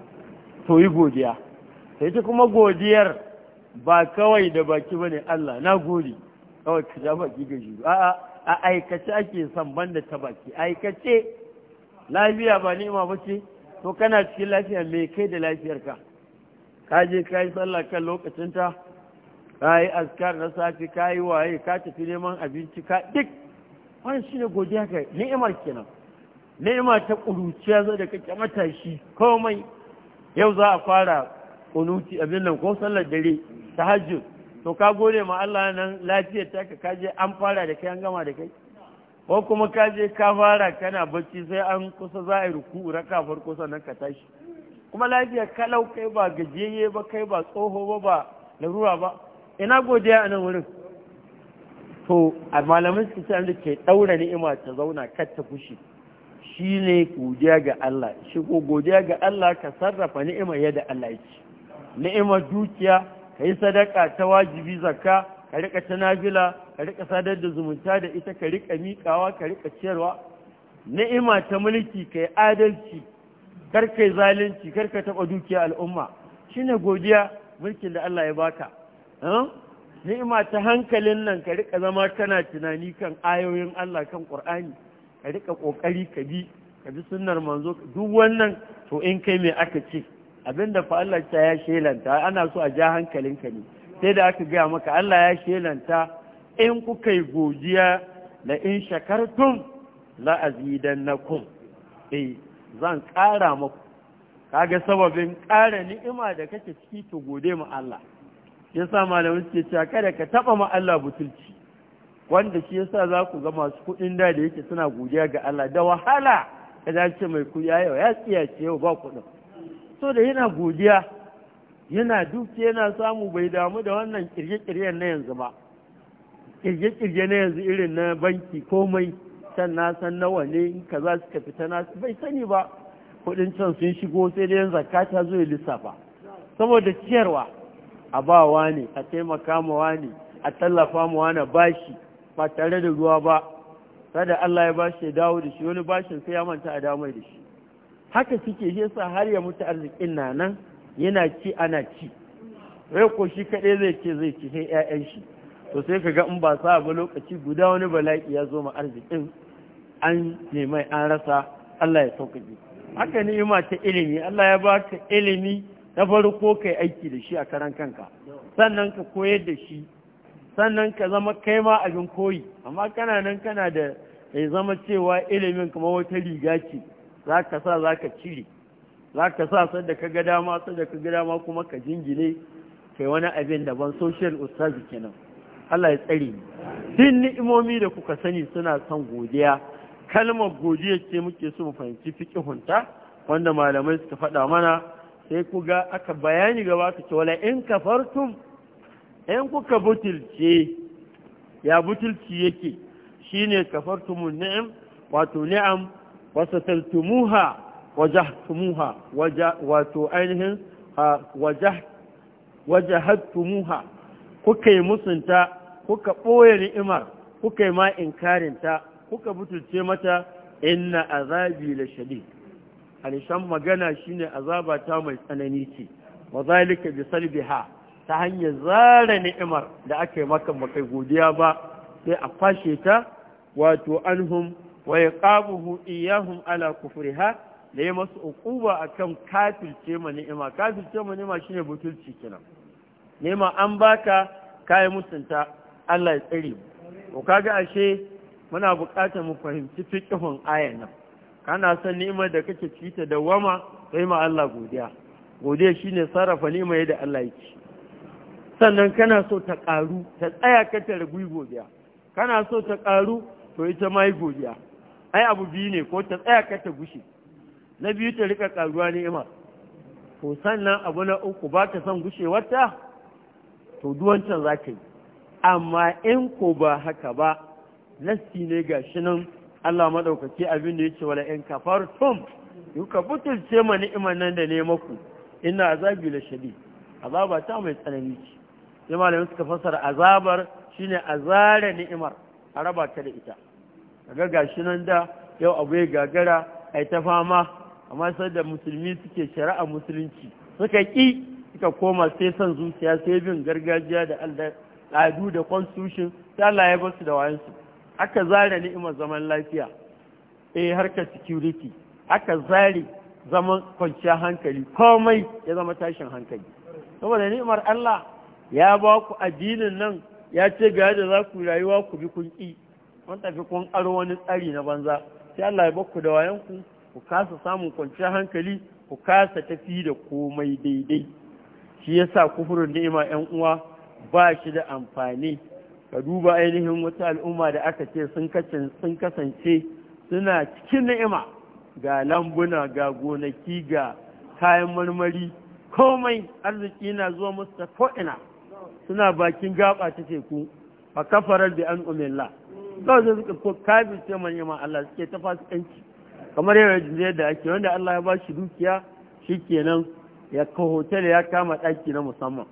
to yi godiya sai ta kuma godiyar ba kawai da baki bane Allah na gode kawai ka ja baki ga shi a a aikace ake son banda ta baki aikace lafiya ba ni'ima ba ce to kana cikin lafiya me kai da lafiyarka ka je ka yi sallah kan ta ka yi azkar na safi ka yi waye ka tafi neman abinci ka duk wani shi ne godiya ga ni'imar kenan ni'ima ta ƙuruciya zai da kake matashi komai yau za a fara kunuti abin nan ko sallar dare ta hajji to ka gode ma Allah nan lafiyar ta ka kaje an fara da kai an gama da kai ko kuma kaje ka fara kana bacci sai an kusa za a yi ruku raka farko sannan ka tashi kuma lafiyar kalau kai ba gajiyayye ba kai ba tsoho ba ba larura ba ina godiya a nan wurin to a malamin su ce da ke ɗaura ni'ima ta zauna kar ta fushi shi ne godiya ga Allah shi ko godiya ga Allah ka sarrafa ni'ima yadda Allah yake ni'imar dukiya ka yi sadaka ta wajibi zakka ka rika ta nafila ka rika sadar da zumunta da ita ka rika miƙawa ka rika ciyarwa ni'ima ta mulki ka yi adalci kar ka zalunci kar ka taɓa dukiya al'umma shine godiya mulkin da Allah ya baka Eh? ni'ima ta hankalin nan ka rika zama kana tunani kan ayoyin Allah kan Qur'ani ka rika kokari ka bi ka bi sunnar manzo duk wannan to in kai me aka ce abinda fa Allah ta ya shelanta ana so a ja hankalinka ne sai da aka gaya maka Allah ya shelanta in kuka yi godiya la in shakartum la azidannakum eh zan ƙara maku kaga sababin ƙara ni'ima da kake ciki to gode mu Allah ya sa malamin suke cewa kada ka taba ma Allah butulci wanda shi ya sa za ku ga masu kuɗin da da yake suna godiya ga Allah da wahala ka za ce mai kuya yau ya tsiyace yau ba kuɗin so da yana godiya yana dukiya yana samu bai damu da wannan kirje-kirjen na yanzu ba kirje-kirje na yanzu irin na banki komai can na san nawa ne in ka za su ka fita na bai sani ba kuɗin can sun shigo sai dai yanzu zakka ta zo ya lissafa saboda ciyarwa a ba wani a taimaka ma wani a tallafa ma wani bashi ba tare da ruwa ba sada Allah ya bashi ya dawo da shi wani bashin sai ya manta a damar da shi haka suke shi sa har ya mutu arzikin na nan yana ci ana ci rai ko shi kaɗai zai ce zai ci sai ƴaƴan shi to sai ka ga in ba sa ba lokaci guda wani bala'i ya zo ma arzikin an nemai an rasa Allah ya sauƙaƙe haka ni'ima ta ilimi Allah ya baka ilimi na farko yi aiki da shi a karan kanka sannan ka koyar da shi sannan ka zama kai ma abin koyi amma kana nan kana da ya zama cewa ilimin kuma wata riga ce za ka sa za ka cire za ka sa da ka ga dama da ka ga dama kuma ka jingine kai wani abin da ban social ustazi kenan Allah ya tsare ni ni'imomi da kuka sani suna son godiya kalmar godiya ce muke so mu fahimci fiqihunta wanda malamai suka faɗa mana sai ku ga aka bayani gaba ka ce wala in kafartum in kuka butulce ya butulci yake shine kafartumun ni'am wato ni'am wasataltumuha wajahtumuha wato ainihin wajahattumuha kuka yi musunta kuka ɓoye ni'imar kuka yi ma inkarinta kuka butulce mata inna azabi la shadid ƙarshen magana shine azaba ta mai tsanani ce wa zalika bi salbiha ta hanyar zara ni'imar da aka yi maka bakai godiya ba sai a fashe ta wato anhum wa yaqabuhu iyahum ala kufriha da ya masu ukuba akan kafirce ma ni'ima kafirce ma ni'ima shine butulci kenan ni'ima an baka kai musunta Allah ya tsare mu to kaga ashe muna buƙatar mu fahimci fikihun ayan nan kana son ni'imar da kake ci ta dawama sai ma Allah godiya godiya shine sarrafa ni'imar yadda Allah yake sannan kana so ta ƙaru ta tsaya ka ta ragu godiya kana so ta ƙaru to ita ma yi godiya ai abu biyu ne ko ta tsaya ka ta gushe na biyu ta rika karuwa ni'ima to sannan abu na uku ba ka son gushewarta to duwancan za ka yi amma in ko ba haka ba lasti ne ga shi nan Allah maɗaukaci abin da yake wala in kafartum yuka ce ma ni'imar nan da ne ina azabi la shadid azaba ta mai tsanani ce sai malamin suka fassara azabar shine azara ni'imar a raba ta da ita A gashi nan da yau abu ya gagara ai ta fama amma sai da musulmi suke shari'a musulunci suka ki suka koma sai son zuciya sai bin gargajiya da al'adu da constitution sai Allah ya basu da wayansu aka zare ni'imar zaman lafiya eh harkar security aka zare zaman kwanciyar hankali komai ya zama tashin hankali saboda ni'imar Allah ya ba ku addinin nan ya ce ga yadda za ku rayuwa ku bi kun ƙi kun tafi kun aro wani tsari na banza sai Allah ya baku da wayanku ku kasa samun kwanciyar hankali ku kasa tafi da komai daidai shi yasa kufurin ni'imar 'yan uwa ba shi da amfani ka duba ainihin wata al'umma da aka ce sun kasance suna cikin ni'ima ga lambuna ga gonaki ga kayan marmari komai arziki na zuwa musu ta ko'ina suna bakin gaba ta teku a kafarar da an umarla kawai sai suka kafin ce man yi Allah suke ta fasikanci kamar yau da ake wanda Allah ya ba shi dukiya shi kenan ya hotel ya kama ɗaki na musamman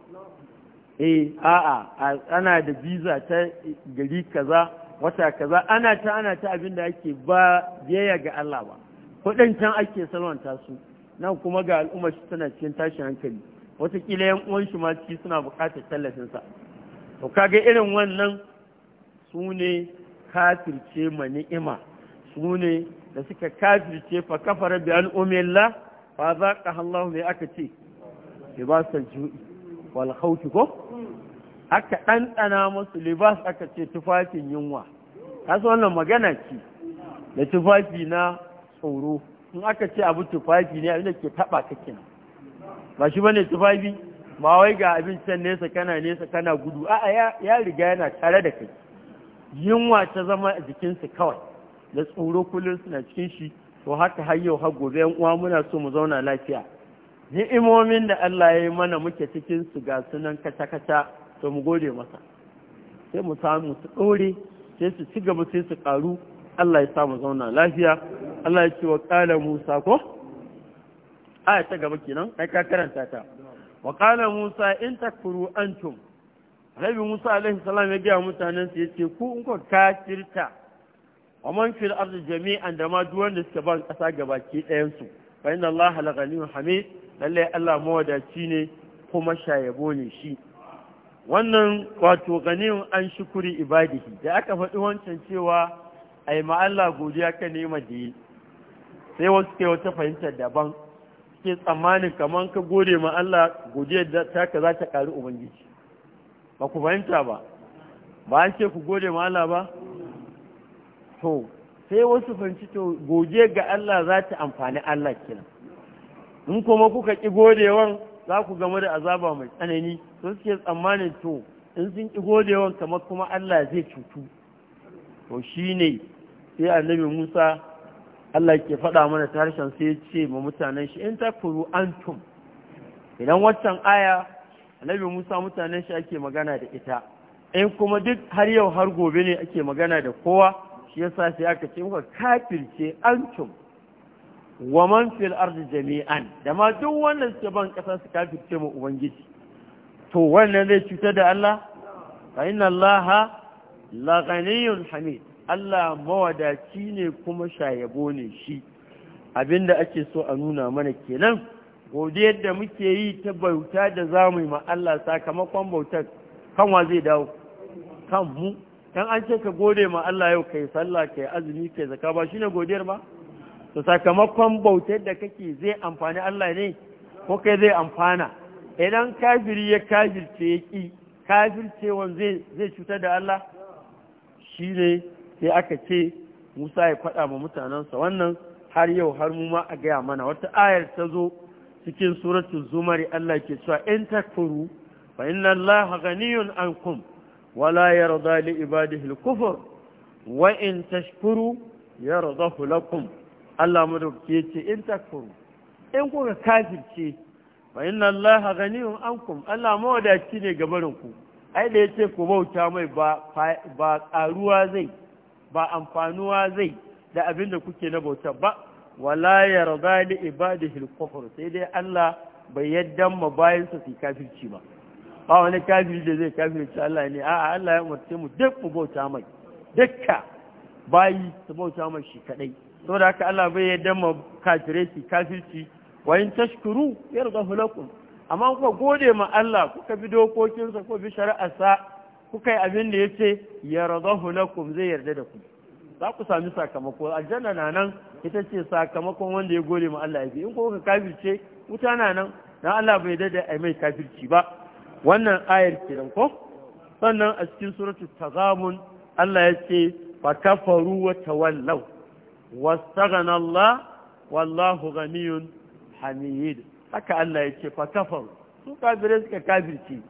eh a'a ana da visa ta gari kaza wata kaza ana ta ana ta abin da ake ba biyayya ga Allah ba kudin can ake salwanta su nan kuma ga al'ummar shi tana cikin tashin hankali watakila yan uwan shi ma suna buƙatar tallafin sa to kaga irin wannan su ne kafirce ma ni'ima su ne da suka kafirce fa kafara bi al'umillah fa zaqa Allahu mai aka ce ba sa ju'i wal ko aka ɗanɗana musu libas aka ce tufafin yunwa kasu wannan magana ce da tufafi na tsoro in aka ce abu tufafi ne abinda ke taɓa ka kenan ba shi bane tufafi ba wai ga can nesa kana nesa kana gudu a'a ya riga yana tare da kai yunwa ta zama a jikinsu kawai da tsoro kullum suna cikin shi to haka har yau har gobe yan uwa muna so mu zauna lafiya ni'imomin da Allah ya yi mana muke cikin su ga sunan kaca-kaca to mu gode masa sai mu samu su ɗore sai su ci gaba sai su ƙaru Allah ya samu zauna lafiya Allah ya ce wa ƙala Musa ko aya ta gaba kenan kai ka karanta ta wa ƙala Musa in takfuru antum rabi Musa alaihi salam ya gaya mutanen su yace ku in ku kafirta wa man fil ardi jami'an da ma duwan da suka ban ƙasa gabaki ɗayan su fa inna Allah la ghaniyyun hamid lalle Allah mawadaci ne kuma shayabo ne shi wannan wato ganiyun an shukuri ibadihi da aka faɗi wancan cewa ai ma Allah godiya ka nema da yi sai wasu ke wata fahimtar daban ke tsammanin kamar ka gode ma Allah godiya da ka za ta ƙari ubangiji ba ku fahimta ba ba an ce ku gode ma Allah ba to sai wasu fahimci to goge ga Allah za ta amfani Allah kenan in kuma kuka ƙi godewan za ku gama da azaba mai tsanani to suke tsammanin to in sun ƙi godewan kamar kuma Allah zai cutu to shine sai annabi Musa Allah ke faɗa mana ta harshen sai ce ma mutanen shi in takuru antum idan waccan aya annabi Musa mutanen shi ake magana da ita in kuma duk har yau har gobe ne ake magana da kowa shi yasa sai aka ce kuka kafirce antum wa man fil ardi jami'an da ma duk wannan suke ban kasa su kafirce mu ubangiji to wannan zai cutar da Allah fa inna Allah la hamid Allah mawadaci ne kuma shayabo ne shi abinda ake so a nuna mana kenan gode yadda muke yi ta bauta da zamu yi ma Allah sakamakon bautar kanwa zai dawo kan mu dan an ce ka gode ma Allah yau kai sallah kai azumi kai zakka ba shine godiyar ba to sakamakon bautar da kake zai amfani Allah ne ko kai zai amfana idan kafiri ya kafirce ya ki kafircewan zai zai cutar da Allah shine sai aka ce Musa ya faɗa ma mutanensa wannan har yau har mu ma a gaya mana wata ayar ta zo cikin suratul zumar Allah ke cewa in takfuru fa inna Allah ghaniyun ankum wala yarda li ibadihi al wa in tashkuru yardahu lakum Allah madaukake ce in takfuru in kuka kafirce Ba inna Allah ghaniyun ankum Allah mawadaci ne gabarin ku ai da yace ku bauta mai ba ba karuwa zai ba amfanuwa zai da abin da kuke na bauta ba wala yarda li ibadihi al sai dai Allah bai yaddan mabayinsa su kafirci ba ba wani kafiri da zai ta Allah ne a'a Allah ya umarce mu duk mu bauta mai dukka bayi su bauta mai shi kadai saboda haka Allah bai yarda mu kafire shi kafirci wa in tashkuru yardahu lakum amma kuka gode ma Allah kuka bi dokokinsa ko bi shari'arsa kuka yi abin da yace yardahu lakum zai yarda da ku za ku sami sakamako aljanna na nan ita ce sakamakon wanda ya gode ma Allah ya bi in kuka kafirce wuta na nan dan Allah bai yarda da ai mai kafirci ba wannan ayar nan ko sannan a cikin suratu tazamun Allah ya ce fa kafaru wa tawallaw wastaghana Allah wallahu ghaniyun hamid haka Allah ya ce fa kafaru su kafire suka kafirci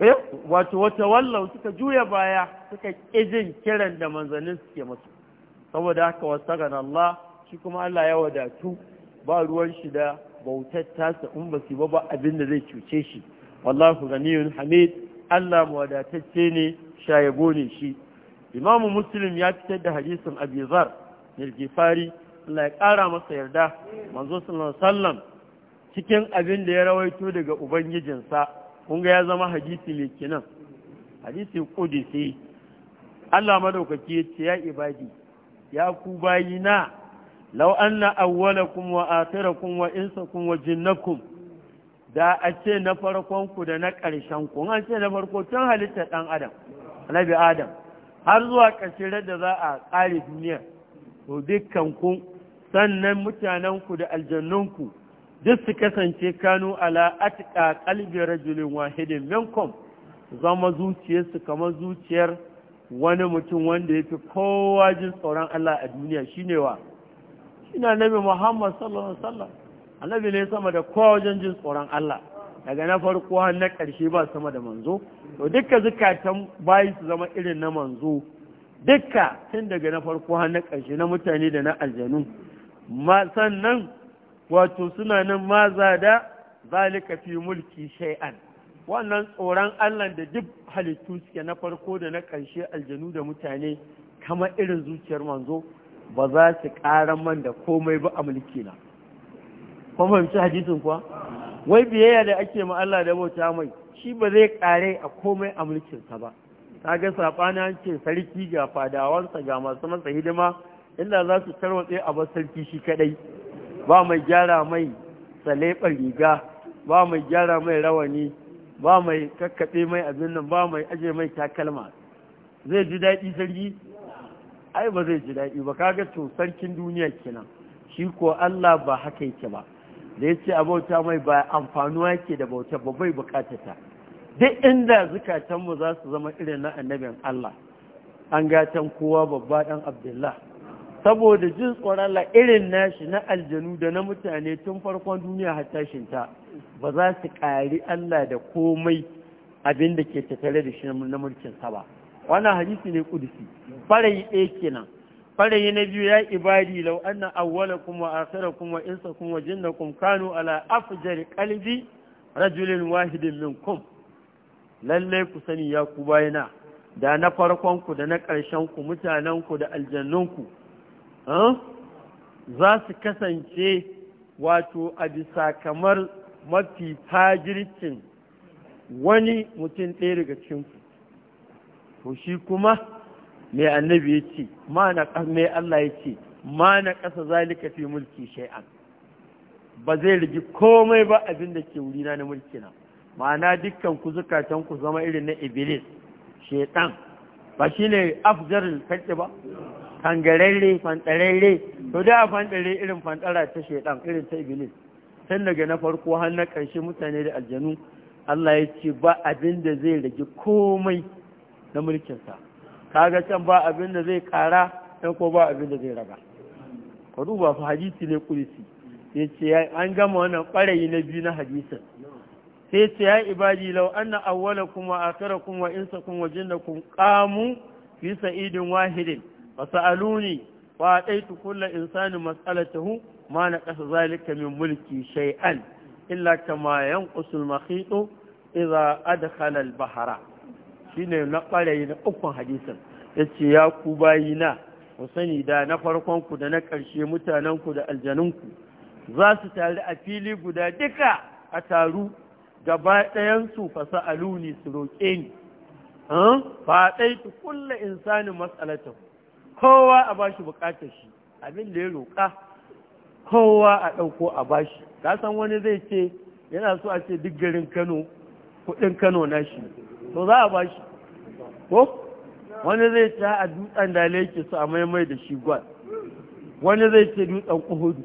eh wato wa tawallaw suka juya baya suka kijin kiran da manzannin suke musu saboda haka wastaghana Allah shi kuma Allah ya wadatu ba ruwan shi da bautar tasa in ba su ba abin da zai cuce shi wallahu ganiyun hamid Allah wadatacce ne shayago ne shi Imam muslim ya fitar da hadisin abizar Gifari Allah ya ƙara masa yarda manzo sallallahu sallam cikin abin da ya rawaito daga ubangijinsa kun ga ya zama hadisi mai kinan hadisi kudisi Allah madaukaki ya ce ya ibadi ya ku bayina law anna awwalakum wa akhirakum wa insakum wa jinnakum da a ce na farkonku da na ƙarshen ku an ce na farko tun halitta ɗan adam annabi adam har zuwa ƙarshen da za a kare duniya to dukkan ku sannan mutanenku da aljannunku duk su kasance kanu ala atika qalbi rajulin wahidin minkum zama zuciyarsu kamar zuciyar wani mutum wanda ya fi kowa jin tsoron Allah a duniya shine wa Ina Muhammad sallallahu alaihi wasallam annabi ne sama da kowa wajen jin tsoron Allah daga na farko har na ƙarshe ba sama da manzo to dukkan zukatan bayi su zama irin na manzo dukka tun daga na farko har na ƙarshe na mutane da na aljanu ma sannan wato suna nan ma da zalika fi mulki shay'an wannan tsoron Allah da duk halittu suke na farko da na ƙarshe aljanu da mutane kama irin zuciyar manzo ba za su ƙara man da komai ba a mulki na. fahimci hadisin kuwa wai biyayya da ake ma Allah da bauta mai shi ba zai kare a komai a mulkinsa ba kaga an ce sarki ga fadawansa ga masu masa hidima inda za su tarwatse a bar sarki shi kadai ba mai gyara mai salebar riga ba mai gyara mai rawani ba mai kakkaɓe mai abin nan ba mai aje mai takalma zai ji daɗi sarki ai ba zai ji daɗi ba kaga to sarkin duniya kenan shi ko Allah ba haka yake ba da ya ce a bauta mai ba amfanuwa yake da bauta ba bai ta. duk inda zukatanmu za su zama irin na annabin Allah an gatan kowa babba ɗan abdullah saboda jin tsoron irin nashi na aljanu da na mutane tun farkon duniya har tashinta ba za su ƙari Allah da komai abin da ke tattare da shi na mulkinsa ba wannan hadisi ne kudusi farai ɗaya kenan farayi na biyu ya ibadi lau anna kuma asara kuma wa insakum wa jinnakum kanu ala afjari kalbi rajulin wahidin minkum Lallai ku sani ya ku bayana da na farkon ku da na ƙarshen ku mutanen ku da aljannun ku eh, za su kasance wato a bisa kamar mafi fajircin wani mutum ɗaya daga cikin ku to shi kuma mai annabi ya ce mai Allah ya ce ma na ƙasa zalika fi mulki shay'an ba zai rigi komai ba abin da ke wurina na mulki na ma'ana dukkan ku zukatan ku zama irin na iblis shaytan ba shine afjarul kalki ba kangarelle fantarelle to da fantare irin fantara ta shaytan irin ta iblis tun daga na farko har na ƙarshe mutane da aljanu Allah ya ce ba abin da zai rigi komai na mulkinsa kaga can ba abin da zai kara ɗan ko ba abin da zai raga ka duba fa hadisi ne kulisi sai an gama wannan ɓarayi na biyu na hadisin sai ciyayi ya ibadi lau anna awwalakum wa akhirakum wa insakum wa jinnakum qamu fi sa'idin wahidin wa sa'aluni wa ataitu kullu insani mas'alatahu ma naqasa zalika min mulki shay'an illa kama yanqusul makhitu idza adkhala al-bahra shine na ɓarayi na ukun hadisin ya ce ya ku bayina ku sani da na farkonku da na ƙarshe mutanenku da aljanunku za su taru a fili guda duka a taru gaba ɗayansu fasa aluni su roƙe ni faɗai tu kulla insanin matsalatan kowa a bashi buƙatar shi abin da ya roƙa kowa a ɗauko a bashi ka san wani zai ce yana so a ce duk garin kano kuɗin kano na shi to za a bashi ko wani zai ta a dutsen da yake su a maimai da shi gwal wani zai ce dutsen kuhudu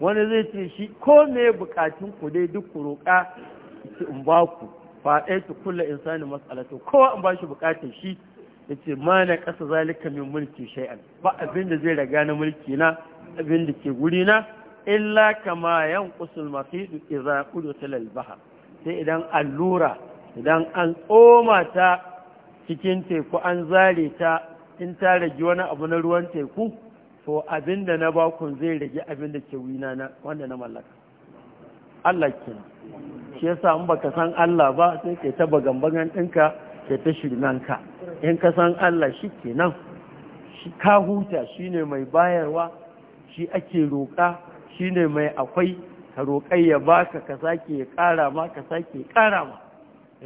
wani zai ce shi ko me bukatun ku dai duk ku roƙa ce in ba ku faɗai ta kulla insani matsalatu kowa in ba shi bukatar shi ya ce ma na ƙasa zalika min mulki shay'an ba abin da zai raga na mulki na abin da ke guri na illa kama yan kusul mafidu idza udu tilal bahar sai idan allura idan an tsoma ta cikin teku an zare ta in ta rage wani abu na ruwan teku to abin da na bakun zai rage abin da ke wina wanda na mallaka Allah ke shi yasa in baka san Allah ba sai ke ta bagambagan ɗinka ke ta shirinanka in ka san Allah shi nan shi ka huta shi ne mai bayarwa shi ake roƙa shi ne mai akwai ka roƙai ya baka ka sake ya ƙara ma ka sake ƙara ma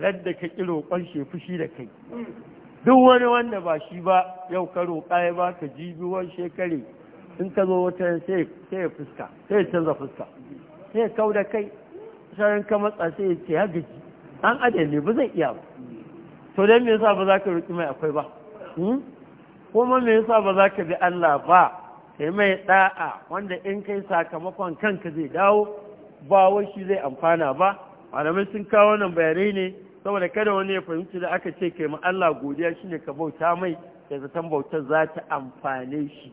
radda ka ƙi roƙon shi fushi da kai duk wani wanda ba shi ba yau ka roƙa ya ba ka jibiwar shekare in ka zo wata sai ya fuska sai ya canza fuska sai ya kau da kai sharan ka matsa sai ya ce ya gaji an ne ba zai iya ba to dan me yasa ba za ka roƙi mai akwai ba hmm? kuma me yasa ba za ka bi Allah ba kai mai da'a wanda in kai sakamakon kanka zai dawo ba wai shi zai amfana ba malamai sun kawo wannan bayanai ne saboda kada wani ya fahimci da aka ce kai ma Allah godiya shine ka bauta mai da zaton bautar za ta amfane shi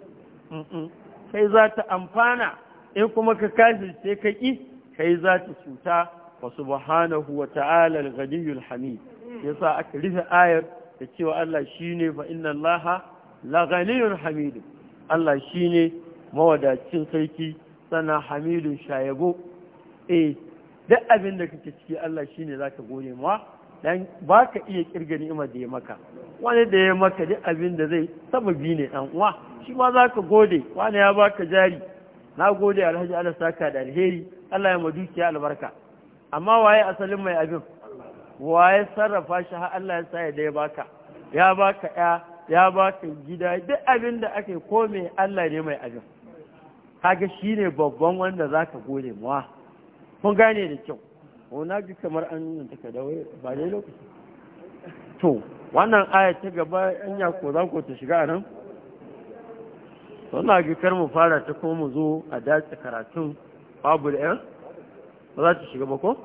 kai za ta amfana in kuma ka kafirce ka ƙi kai za ta cuta wa subhanahu wa ta'ala al-ghaniyyul hamid yasa aka rufe ayar da cewa Allah shine fa inna Allah la ghaniyyul hamid Allah shine mawadacin sarki sana hamidun shayago eh duk abin da kake ciki Allah shi shine ka gode mawa dan baka iya kirga ni'ima da ya maka wani da ya maka duk abin da zai sababi ne dan uwa shi ma zaka gode wani ya baka jari na gode alhaji Allah saka da alheri Allah ya ma dukiya albarka amma waye asalin mai abin waye sarrafa shi har Allah ya sa ya da ya baka ya baka ya ya baka gida duk abin da aka yi ko Allah ne mai abin kaga shine babban wanda zaka gode mawa kun gane da kyau na ji kamar an nuna taka da ba dai lokaci to wannan aya ta gaba an ya ko za ku ta shiga a nan wannan ga kar mu fara ta kuma mu zo a dace karatun babu da yan ba za ta shiga ba ko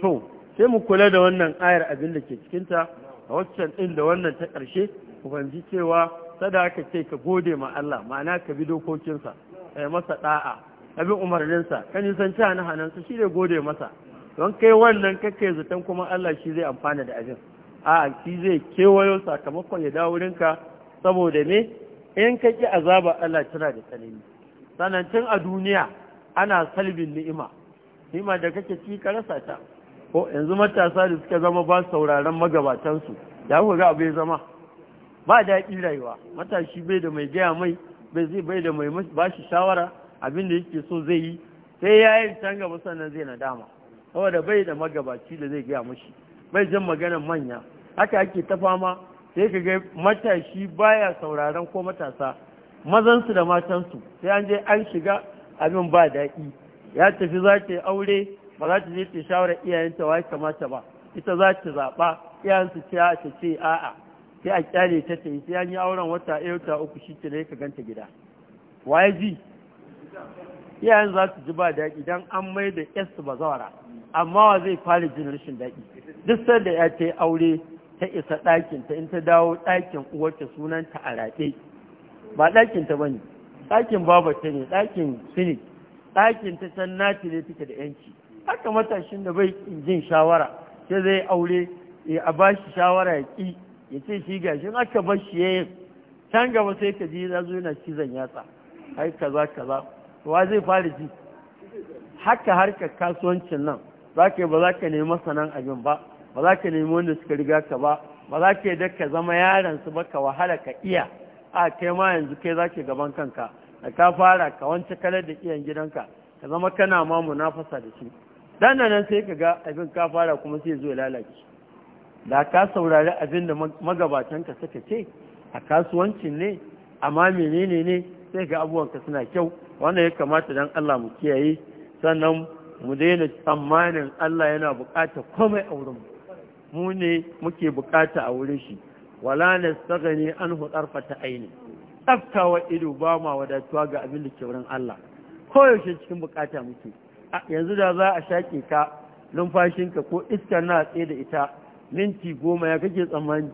to sai mu kula da wannan ayar abin da ke cikinta a waccan ɗin da wannan ta ƙarshe ku fahimci cewa sadaka ce ka gode ma Allah ma'ana ka bi dokokinsa ai masa da'a abin umarninsa kan ka ci hana-hanansa shi ne gode masa don kai wannan kake zaton kuma Allah shi zai amfana da abin a shi zai kewayo sakamakon ya dawo rinka, saboda ne? in ka ƙi azaba Allah tana da tsanani sannan a duniya ana salbin ni'ima ni'ima da kake ci ka rasa ta ko yanzu matasa da suka zama ba sauraron magabatansu da ku ga abu zama ba daɗi rayuwa matashi bai da mai gaya mai bai zai bai da mai ba shawara abin da yake so zai yi sai ya yi can gaba sannan zai nadama saboda bai da magabaci da zai gaya mashi bai jan maganar manya haka ake ta fama sai ka ga matashi baya sauraron ko matasa mazansu da matansu sai an je an shiga abin ba daɗi ya tafi za ta yi aure ba za ta je ta shawarar iyayenta wa kamata ba ita za ta zaɓa iyayensu ce a ta ce a'a sai a kyale ta ta yi sai an yi auren wata ɗaya wata uku shi ta ka ganta gida waye ji iyayen za su ji ba daɗi don an mai da yasu ba zawara amma wa zai fara jin rashin daɗi duk da ya ta aure ta isa ɗakin ta in ta dawo ɗakin uwarta sunanta a raɗe ba ɗakin ta bane ɗakin babata ne ɗakin sinik ɗakin ta can nati ne take da yanci haka matashin da bai jin shawara sai zai aure a ba shawara ya ƙi ya ce shi gashin aka bar shi yayin can gaba sai ka ji za zo yana cizon yatsa ai kaza kaza wa zai fara ji haka harkar kasuwancin nan za ka yi ba za ka nemi masanan abin ba ba za ka nemi wanda suka riga ka ba ba za ka yadda ka zama yaron su ba ka wahala ka iya a kai ma yanzu kai za ka gaban kanka da ka fara ka wance kalar da iyan gidanka ka zama kana ma munafasa da shi dan nan sai ka ga abin ka fara kuma sai zo lalace da ka saurari abin da magabatanka suka ce a kasuwancin ne amma menene ne sai ga abubuwanka suna kyau wannan ya kamata don Allah mu kiyaye sannan mu daina tsammanin Allah yana bukata komai a wurin mu ne muke bukata a wurin shi wala an hudar fata aini tsaftawa ido ba ma wadatuwa ga abin da ke wurin Allah koyaushe cikin bukata muke yanzu da za a shaƙe ka numfashinka ko iska na tsaye da ita minti goma ya kake tsammani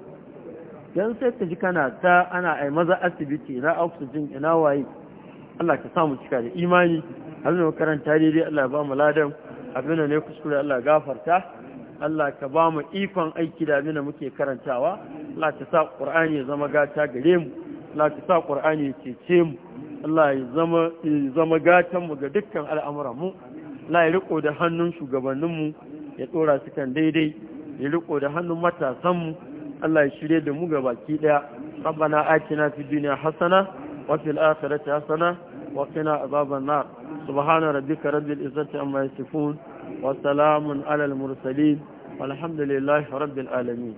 yanzu sai ka ji kana ta ana ai maza asibiti na oxygen ina waye Allah ka samu cika da imani abin da karanta daidai Allah ba mu ladan abin da ne kuskure Allah gafarta Allah ka ba mu ikon aiki da abin da muke karantawa Allah ka sa Qur'ani ya zama gata gare mu Allah ka sa Qur'ani ya cece mu Allah ya zama ya zama gatan mu ga dukkan al'amuran mu Allah ya riko da hannun shugabannin mu ya tsora su kan daidai ya riko da hannun matasan mu Allah ya shirye da mu ga baki daya ربنا آتنا في الدنيا حسنة وفي الآخرة حسنة وقنا عذاب النار سبحان ربك رب العزة عما يصفون وسلام على المرسلين والحمد لله رب العالمين